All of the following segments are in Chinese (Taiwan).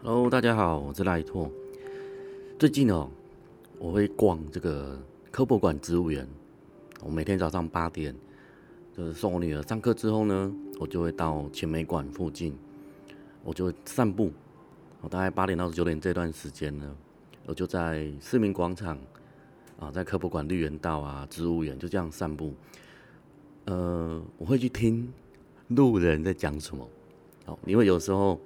Hello，大家好，我是賴兔。最近哦，我會逛這個科博館植物園。我每天早上八點，就是送我女兒上課之後呢，我就會到勤美館附近，我就會散步。我大概八點到九點這段時間呢，我就在市民廣場啊，在科博館綠園道啊，植物園就這樣散步。呃，我會去聽路人在講什麼。好，因為有時候。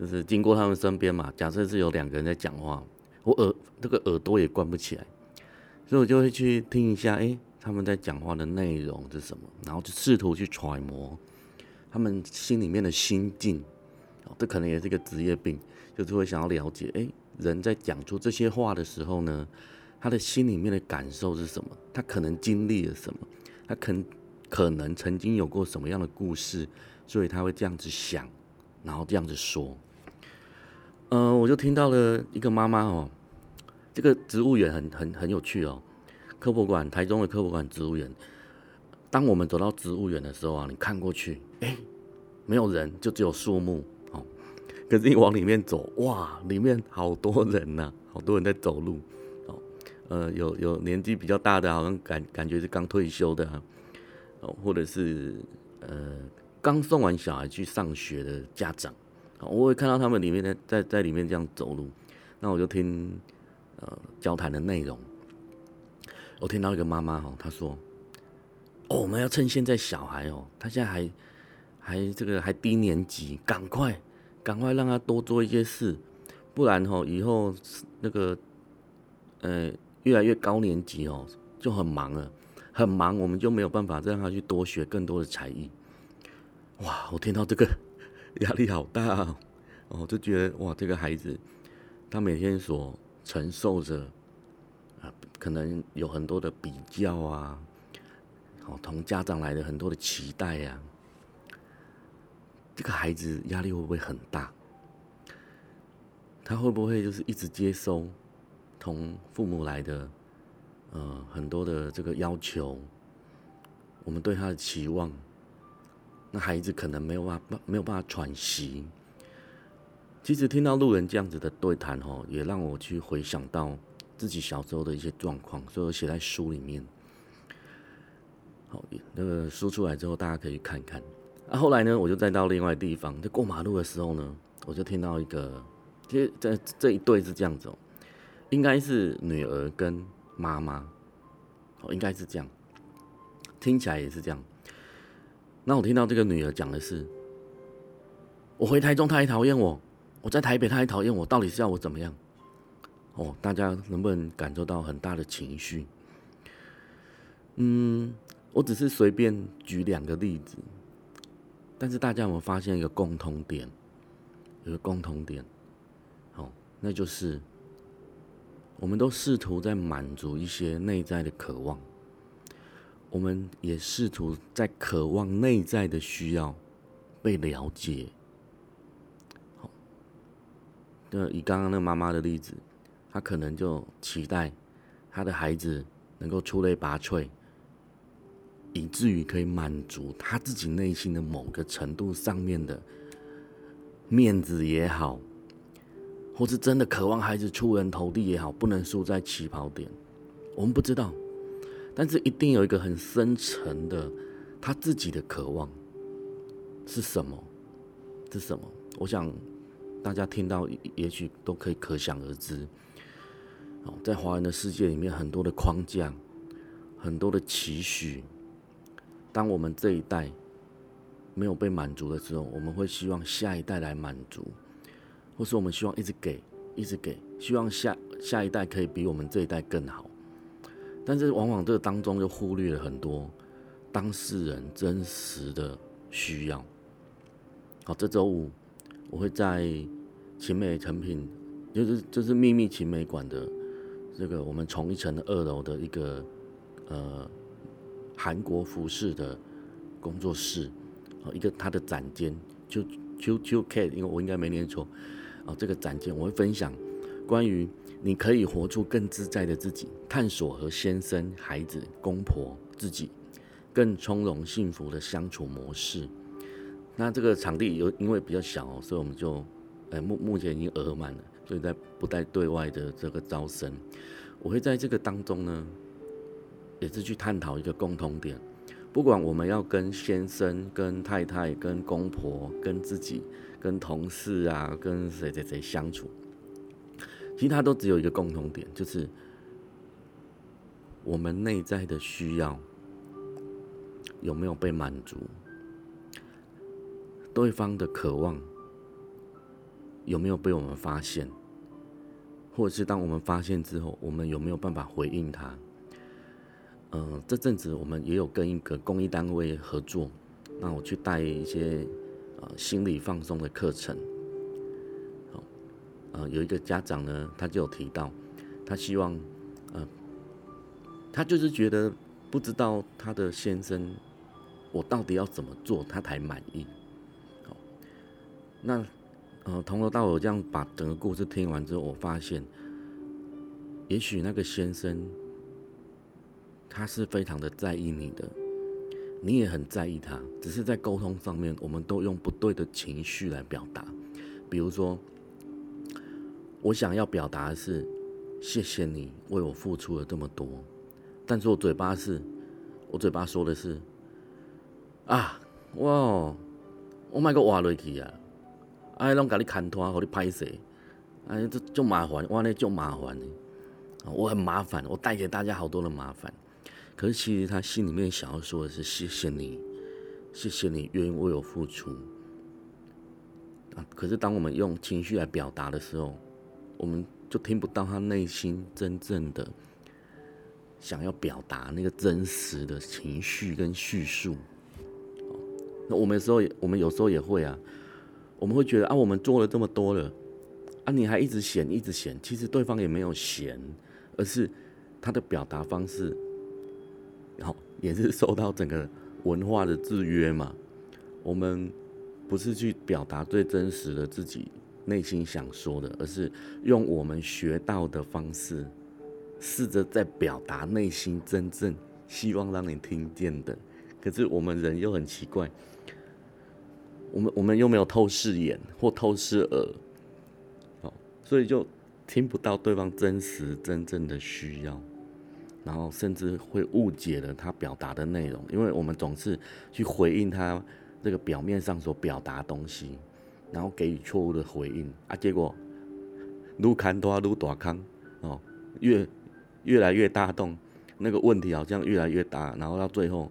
就是經過他們身邊嘛，假設是有兩個人在講話，我耳這個耳朵也關不起來，所以我就會去聽一下，哎、欸，他們在講話的內容是什麼，然後就試圖去揣摩他們心裡面的心境。喔，這可能也是一個職業病，就是會想要了解，哎、欸，人在講出這些話的時候呢，他的心裡面的感受是什麼？他可能經歷了什麼？他肯可，可能曾經有過什麼樣的故事，所以他會這樣子想，然後這樣子說。呃，我就聽到了一個媽媽哦，這個植物園很很很有趣哦。科博館，台中的科博館植物園。當我們走到植物園的時候啊，你看過去，誒，沒有人，就只有樹木哦。可是你往裡面走，哇，裡面好多人吶、啊，好多人在走路哦。呃，有有年紀比較大的，好像感感覺是剛退休的啊、哦，或者是呃剛送完小孩去上學的家長。我會看到他們裡面在在在裡面這樣走路，那我就聽呃交談的內容，我聽到一個媽媽吼，她說，哦，我們要趁現在小孩哦，他現在還還這個還低年級，趕快趕快讓他多做一些事，不然吼以後那個呃越來越高年級哦，就很忙了，很忙我們就沒有辦法再讓他去多學更多的才藝，哇，我聽到這個。壓力好大，哦，就覺得哇，這個孩子他每天所承受着啊、呃，可能有很多的比較啊，好、哦、同家長來的很多的期待呀、啊，這個孩子壓力會不會很大？他會不會就是一直接收同父母來的呃很多的這個要求，我們對他的期望。那孩子可能沒有辦法，沒有辦法喘息。其實聽到路人這樣子的對談哦，也讓我去回想到自己小時候的一些狀況，所以我寫在書裡面。好，那個書出來之後，大家可以看看。那、啊、後來呢，我就再到另外地方，就過馬路的時候呢，我就聽到一個，這這這一對是這樣走，應該是女兒跟媽媽，哦，應該是這樣，聽起來也是這樣。那我聽到這個女兒講的是，我回台中，她還討厭我；我在台北，她還討厭我。到底是要我怎麼樣？哦，大家能不能感受到很大的情緒？嗯，我只是隨便舉兩個例子，但是大家有沒有發現一個共同點？有個共同點，哦，那就是我們都試圖在滿足一些內在的渴望。我們也試圖在渴望內在的需要被了解。好，就以剛剛那媽媽的例子，她可能就期待她的孩子能夠出類拔萃，以至於可以滿足她自己內心的某個程度上面的面子也好，或是真的渴望孩子出人頭地也好，不能輸在起跑點。我們不知道。但是一定有一個很深沉的，他自己的渴望是什麼？是什麼？我想大家聽到，也許都可以可想而知。哦，在華人的世界裡面，很多的框架，很多的期許，當我們這一代沒有被滿足的時候，我們會希望下一代來滿足，或是我們希望一直給，一直給，希望下下一代可以比我們這一代更好。但是往往這個當中就忽略了很多當事人真實的需要。好，這周五我會在勤美誠品，就是就是祕謐勤美館的這個我們從一層的二樓的一個呃韓國服飾的工作室，一個他的展間，就就就 K，因為我應該沒念錯，這個展間我會分享關於。你可以活出更自在的自己，探索和先生、孩子、公婆、自己更從容、幸福的相處模式。那這個場地有因為比較小，所以我們就呃目、欸、目前已經額滿了，所以在不再對外的這個招生。我會在這個當中呢，也是去探討一個共同點，不管我們要跟先生、跟太太、跟公婆、跟自己、跟同事啊、跟誰誰誰相處。其他都只有一個共同點，就是我們內在的需要有沒有被滿足，對方的渴望有沒有被我們發現，或者是當我們發現之後，我們有沒有辦法回應他？嗯、呃，這陣子我們也有跟一個公益單位合作，那我去帶一些呃心理放鬆的課程。有一個家長呢，他就有提到，他希望，呃，他就是覺得不知道他的先生，我到底要怎麼做，他才滿意。哦，那呃，從頭到尾這樣把整個故事聽完之後，我發現，也許那個先生，他是非常的在意你的，你也很在意他，只是在溝通上面，我們都用不對的情緒來表達，比如說。我想要表達的是，謝謝你為我付出了這麼多，但是我嘴巴是，我嘴巴說的是，啊，我、哦，我買個挖落去啊，哎，攏甲你牽拖，給你拍死，哎，這、啊、種麻煩，我安呢就麻煩，我很麻煩，我帶給大家好多的麻煩，可是其實他心裡面想要說的是，謝謝你，謝謝你願意為我付出，啊，可是當我們用情緒來表達的時候，我們就聽不到他內心真正的想要表達那個真實的情緒跟敘述。那我們有時候，我們有時候也會啊，我們會覺得啊，我們做了這麼多了，啊，你還一直嫌，一直嫌。其實對方也沒有嫌，而是他的表達方式，好，也是受到整個文化的制約嘛。我們不是去表達最真實的自己。內心想說的，而是用我們學到的方式，試着在表達內心真正希望讓你聽見的。可是我們人又很奇怪，我們我們又沒有透視眼或透視耳，哦，所以就聽不到對方真實真正的需要，然後甚至會誤解了他表達的內容，因為我們總是去回應他那個表面上所表達的東西。然後給予錯誤的回應啊，結果愈看多愈大坑哦，越越來越大洞，那個問題好像越來越大，然後到最後，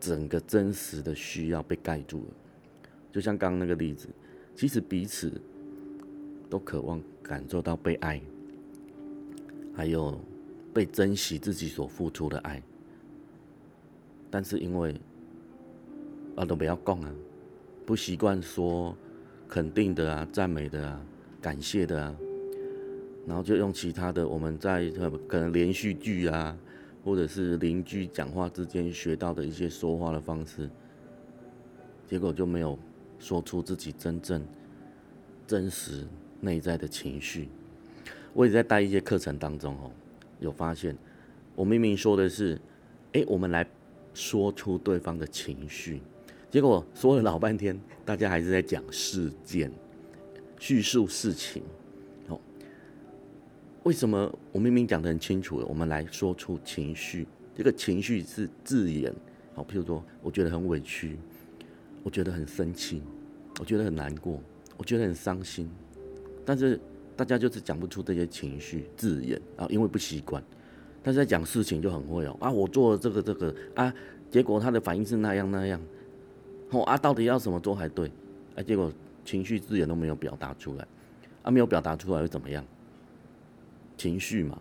整個真實的需要被蓋住了。就像剛剛那個例子，其實彼此都渴望感受到被愛，還有被珍惜自己所付出的愛，但是因為啊，都不要講啊，不習慣說。肯定的啊，讚美的啊，感謝的啊，然後就用其他的我們在可能連續劇啊，或者是鄰居講話之間學到的一些說話的方式，結果就沒有說出自己真正真實內在的情緒。我也在帶一些課程當中哦，有發現我明明說的是，哎，我們來說出對方的情緒。結果說了老半天，大家還是在講事件、敘述事情。好、哦，為什麼我明明講得很清楚了？我們來說出情緒，這個情緒是字眼，好、哦，譬如說，我覺得很委屈，我覺得很生氣，我覺得很難過，我覺得很傷心。但是大家就是講不出這些情緒字眼，啊、哦，因為不習慣。但是在講事情就很會哦，啊，我做了這個這個啊，結果他的反應是那樣那樣。哦、啊，到底要怎麼做才對？啊，結果情緒資源都沒有表達出來，啊，沒有表達出來會怎麼樣？情緒嘛，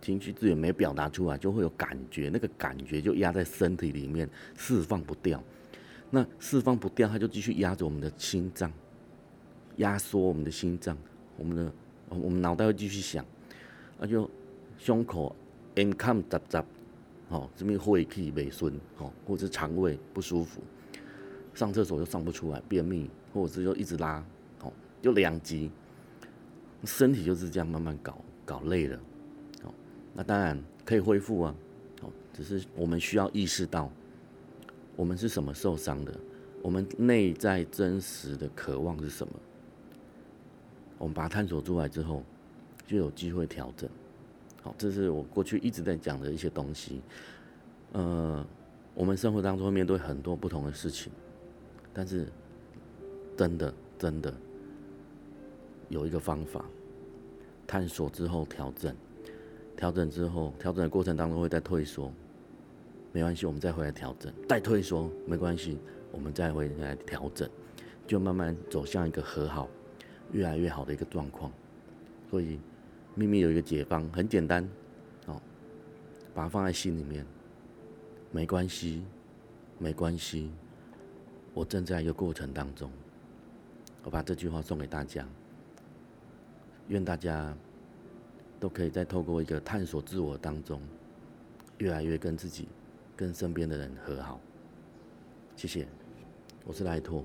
情緒資源沒表達出來，就會有感覺，那個感覺就壓在身體裡面，釋放不掉。那釋放不掉，他就繼續壓着我們的心臟，壓縮我們的心臟，我們的我們腦袋會繼續想，那、啊、就胸口 income 雜雜，哦，什麼晦氣未順，哦，或者腸胃不舒服。上廁所又上不出來，便秘，或者是就一直拉，哦，就兩極，身體就是這樣慢慢搞搞累了，哦，那當然可以恢復啊，哦，只是我們需要意識到，我們是什麼受傷的，我們內在真實的渴望是什麼，我們把它探索出來之後，就有機會調整，好，哦，這是我過去一直在講的一些東西，呃，我們生活當中面對很多不同的事情。但是，真的真的有一個方法，探索之後調整，調整之後調整的過程當中會再退縮，沒關係，我們再回來調整，再退縮沒關係，我們再回來調整，就慢慢走向一個和好，越來越好的一個狀況。所以祕謐有一個解方，很簡單，哦，把它放在心裡面，沒關係，沒關係。我正在一個過程當中，我把這句話送給大家。願大家都可以在透過一個探索自我當中，越來越跟自己、跟身邊的人和好。謝謝，我是萊托。